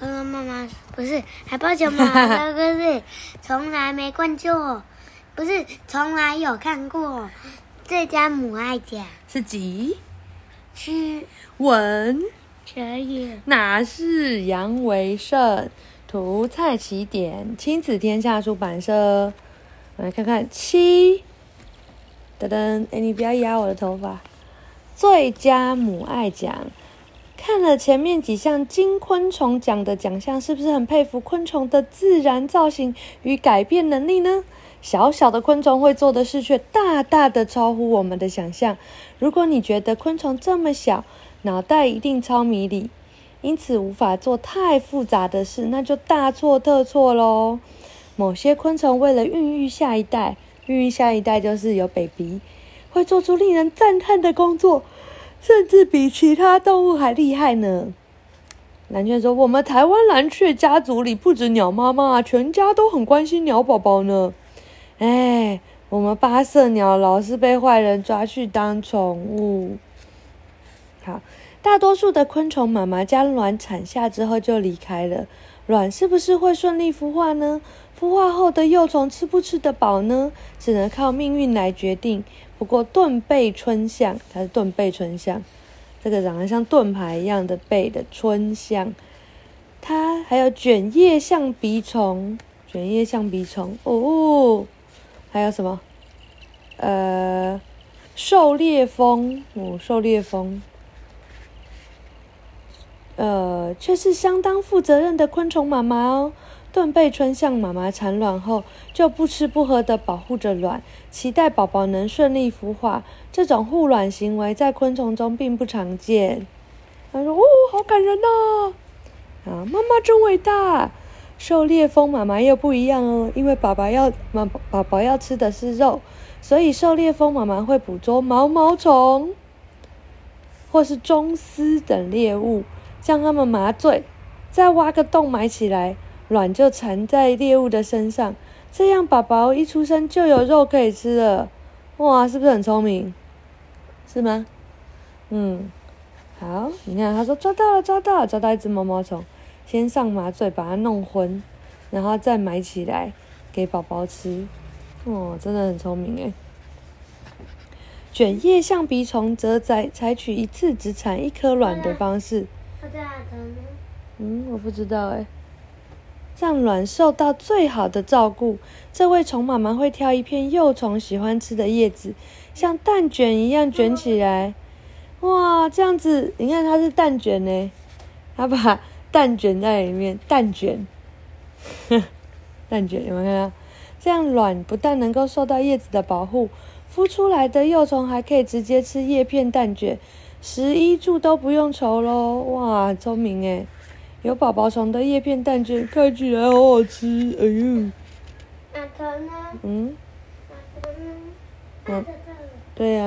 爸爸媽媽不是還抱著嗎？媽，媽 可是從來沒關注，不是從來有看過最佳母愛獎是幾急？七文所以哪是楊維晟，圖蔡其典親子天下出版社，我來看看七噔噔，哎、欸、你不要壓我的頭髮，最佳母愛獎。看了前面幾項金昆蟲獎的獎項，是不是很佩服昆蟲的自然造型與改變能力呢？小小的昆蟲會做的事，卻大大的超乎我們的想象。如果你覺得昆蟲這麼小，腦袋一定超迷你，因此無法做太複雜的事，那就大錯特錯嘍。某些昆蟲為了孕育下一代，孕育下一代就是有 baby，會做出令人讚嘆的工作。甚至比其他動物還厲害呢。藍雀說：“我們台灣藍雀家族裡，不止鳥媽媽，全家都很關心鳥寶寶呢。”唉，我們八色鳥老是被壞人抓去當寵物。好，大多數的昆蟲媽媽將卵產下之後就離開了。卵是不是會順利孵化呢？孵化後的幼蟲吃不吃得飽呢？只能靠命運來決定。不過盾背春象，它是盾背春象，這個長得像盾牌一樣的背的春象，它還有捲葉象鼻蟲，捲葉象鼻蟲，哦，還有什麼？呃，狩獵蜂，哦，狩獵蜂，呃，卻是相當負責任的昆蟲媽媽哦。盾背椿象媽媽產卵後就不吃不喝的保護着卵，期待寶寶能順利孵化。這種護卵行為在昆蟲中並不常見。他說：“哦，好感人吶、哦！啊，媽媽真偉大。”狩獵蜂媽媽又不一樣哦，因為寶寶要媽寶寶要吃的是肉，所以狩獵蜂媽媽會捕捉毛毛蟲，或是螽斯等獵物，將它們麻醉，再挖個洞埋起來。卵就纏在獵物的身上，這樣寶寶一出生就有肉可以吃了。哇，是不是很聰明？是嗎？嗯，好，你看，他說抓到了，抓到了，抓到一隻毛毛蟲，先上麻醉把它弄昏，然後再埋起來給寶寶吃。哦，真的很聰明哎。捲葉象鼻蟲則採採取一次只產一顆卵的方式。嗯，我不知道哎。讓卵受到最好的照顧。這位蟲媽媽會挑一片幼蟲喜歡吃的葉子，像蛋卷一樣卷起來。哇，這樣子，你看它是蛋卷呢，它把蛋卷在裡面，蛋卷，蛋卷，有沒有看到？這樣卵不但能夠受到葉子的保護，孵出來的幼蟲還可以直接吃葉片蛋卷，食衣住都不用愁嘍。哇，聰明誒！有寶寶蟲的葉片蛋卷，看起來好好吃，哎呦！哪頭呢？嗯。哪頭呢？嗯，對呀、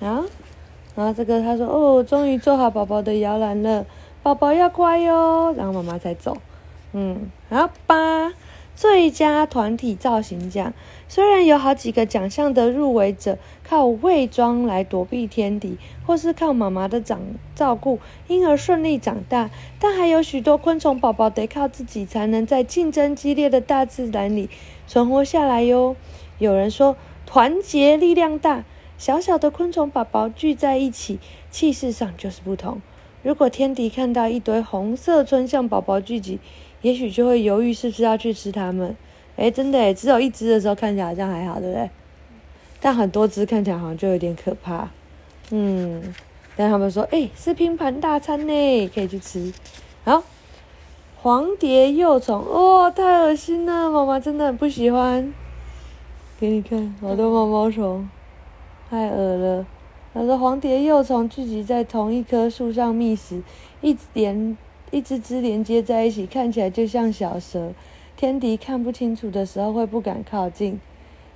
啊。啊，然後這個他說：“哦，終於做好寶寶的搖籃了，寶寶要乖喲。”然後媽媽才走。嗯，好吧。最佳團體造型獎，雖然有好幾個獎項的入圍者靠偽裝來躲避天敵，或是靠媽媽的長照顧，因而順利長大，但還有許多昆蟲寶寶得靠自己才能在競爭激烈的大自然裡存活下來喲。有人說團結力量大，小小的昆蟲寶寶聚在一起，氣勢上就是不同。如果天敵看到一堆紅色椿象寶寶聚集，也許就會猶豫是不是要去吃它們。哎、欸，真的耶，只有一隻的時候看起來好像還好，對不對？但很多隻看起來好像就有點可怕。嗯，但他們說，哎、欸，是拼盤大餐呢，可以去吃。好，黃蝶幼蟲，哇、哦，太噁心了，媽媽真的很不喜歡。給你看好多毛毛蟲，太噁了。很多黃蝶幼蟲聚集在同一棵樹上覓食，一連一只只連接在一起，看起來就像小蛇。天敵看不清楚的時候會不敢靠近，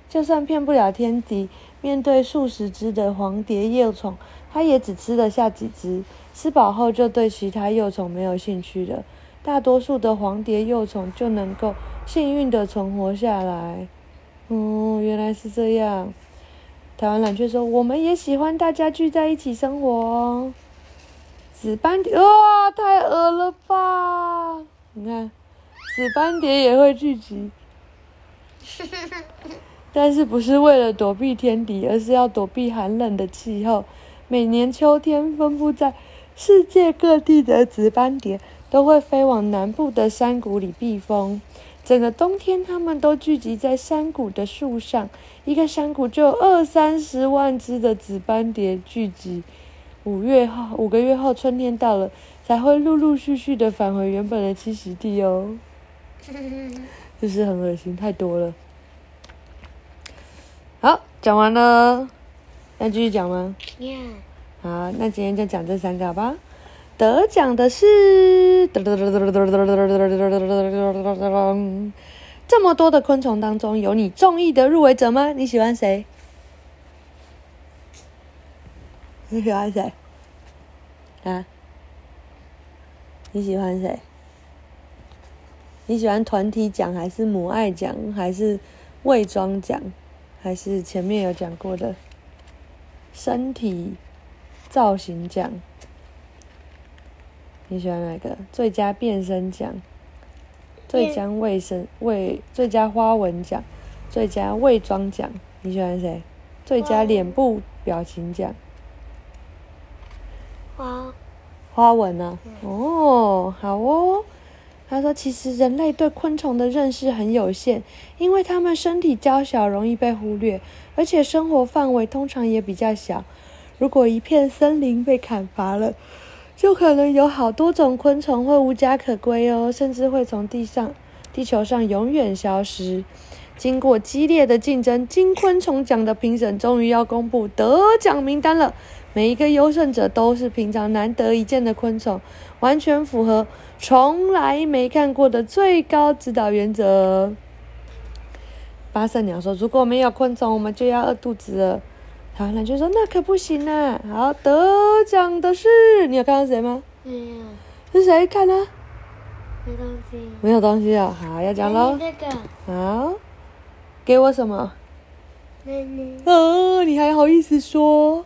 就算騙不了天敵，面對數十只的黃蝶幼蟲，它也只吃得下幾只。吃飽後就對其他幼蟲沒有興趣了，大多數的黃蝶幼蟲就能夠幸運地存活下來。哦、嗯，原來是這樣。台灣藍鵲說：“我們也喜歡大家聚在一起生活、哦。”紫斑蝶，哇，太惡了吧！你看，紫斑蝶也會聚集， 但是不是為了躲避天敵，而是要躲避寒冷的氣候。每年秋天，分佈在世界各地的紫斑蝶都會飛往南部的山谷裡避風。整個冬天，它們都聚集在山谷的樹上，一個山谷就有二三十萬只的紫斑蝶聚集。五月後，五個月後，春天到了，才會陸陸續續的返回原本的棲息地哦。 就是很噁心，太多了。好，講完了，那繼續講嗎？Yeah。好，那今天就講這三個好吧。得獎的是，這麼多的昆蟲當中，有你中意的入圍者嗎？你喜歡誰？你喜歡誰？啊？你喜歡誰？你喜歡團體獎還是母愛獎還是偽裝獎還是前面有講過的身體造型獎？你喜歡哪個？最佳變身獎、最佳衛生衛、最佳花紋獎、最佳偽裝獎，你喜歡誰？最佳臉部表情獎。花。花紋啊！嗯、哦，好哦。他說：“其實人類對昆蟲的認識很有限，因為他們身體嬌小，容易被忽略，而且生活範圍通常也比較小。如果一片森林被砍伐了。”就可能有好多種昆蟲會無家可歸哦，甚至會從地上、地球上永遠消失。經過激烈的競爭，金昆蟲獎的評審終於要公布得獎名單了。每一個優勝者都是平常難得一見的昆蟲，完全符合從來沒看過的最高指導原則。八色鳥說：“如果沒有昆蟲，我們就要餓肚子了。”好，那就說：“那可不行啊。好，得獎的是你有看到誰嗎？沒有，是誰看呢、啊？沒東西，沒有東西啊、哦！好，要講咯奶奶、這個、好，給我什麼？奶奶哦，你還好意思說？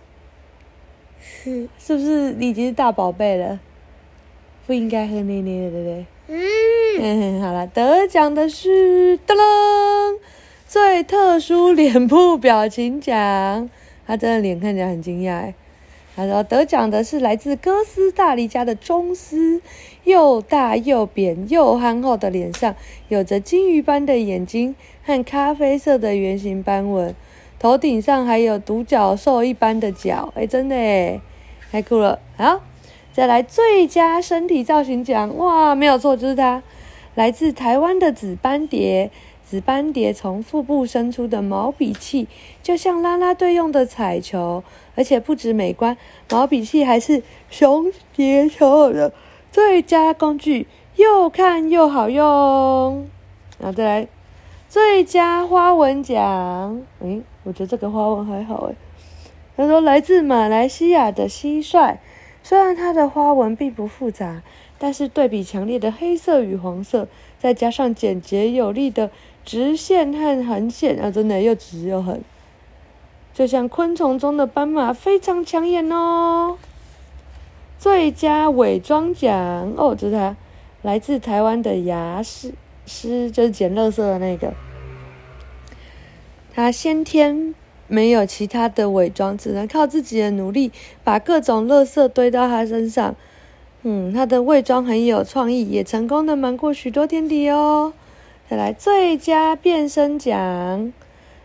是， 是不是你已經是大寶貝了？不應該喝奶奶的對不對？嗯，嗯。好了，得獎的是噔噔，最特殊臉部表情獎。他真的臉看起來很驚訝哎！他說得獎的是來自哥斯大黎加的中絲，又大又扁又憨厚的臉上，有着金魚般的眼睛和咖啡色的圓形斑紋，頭頂上還有獨角獸一般的角。哎，真的哎，太酷了！好，再來最佳身體造型獎，哇，沒有錯，就是他，來自台灣的紫斑蝶。紫斑蝶從腹部伸出的毛筆器，就像拉拉隊用的彩球，而且不止美觀，毛筆器還是雄蝶求偶的最佳工具，又看又好用。然後再來最佳花紋獎，嗯、欸，我覺得這個花紋還好哎、欸。他說來自馬來西亞的蟋蟀，雖然它的花紋並不複雜，但是對比強烈的黑色與黃色，再加上簡潔有力的。直線和橫線，啊，真的又直又橫，就像昆蟲中的斑馬，非常搶眼哦。最佳偽裝獎，哦，就是他，來自台灣的蚜獅獅，就是撿垃圾的那個。他先天沒有其他的偽裝，只能靠自己的努力，把各種垃圾堆到他身上。嗯，他的偽裝很有創意，也成功的瞞過許多天敵哦。再來，最佳變身獎，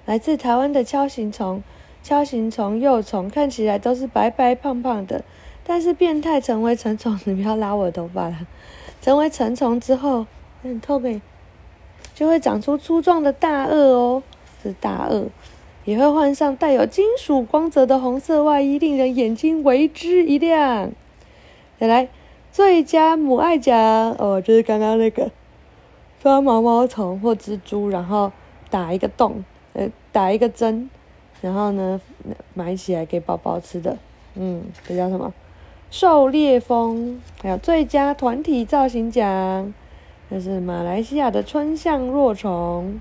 來自台灣的鍬形蟲。鍬形蟲幼蟲看起來都是白白胖胖的，但是變態成為成蟲，你不要拉我的頭髮了。成為成蟲之後，很痛欸，就會長出，出粗壯的大顎哦，是大顎，也會換上帶有金屬光澤的紅色外衣，令人眼睛為之一亮。再來，最佳母愛獎，哦，就是剛剛那個。抓毛毛蟲或蜘蛛，然後打一個洞，呃，打一個針，然後呢，買，埋起來給寶寶吃的。嗯，這叫什麼？狩獵蜂，還有最佳團體造型獎，就是馬來西亞的椿象若蟲。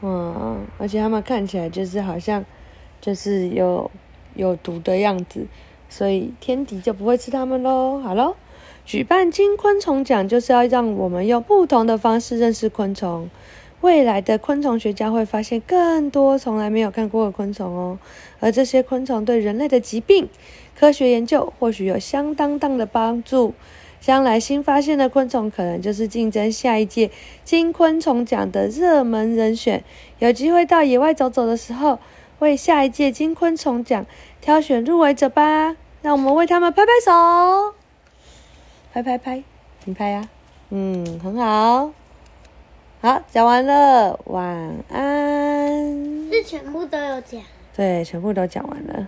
哇，而且它們看起來就是好像，就是有有毒的樣子，所以天敵就不會吃它們嘍。好嘍。舉辦金昆蟲獎就是要讓我們用不同的方式認識昆蟲。未來的昆蟲學家會發現更多從來沒有看過的昆蟲哦，而這些昆蟲對人類的疾病科學研究或許有相當大的幫助。將來新發現的昆蟲可能就是競爭下一屆金昆蟲獎的熱門人選。有機會到野外走走的時候，為下一屆金昆蟲獎挑選入圍者吧。讓我們為他們拍拍手。拍拍拍，你拍呀，嗯，很好，好，講完了，晚安。是全部都有講？對，全部都講完了。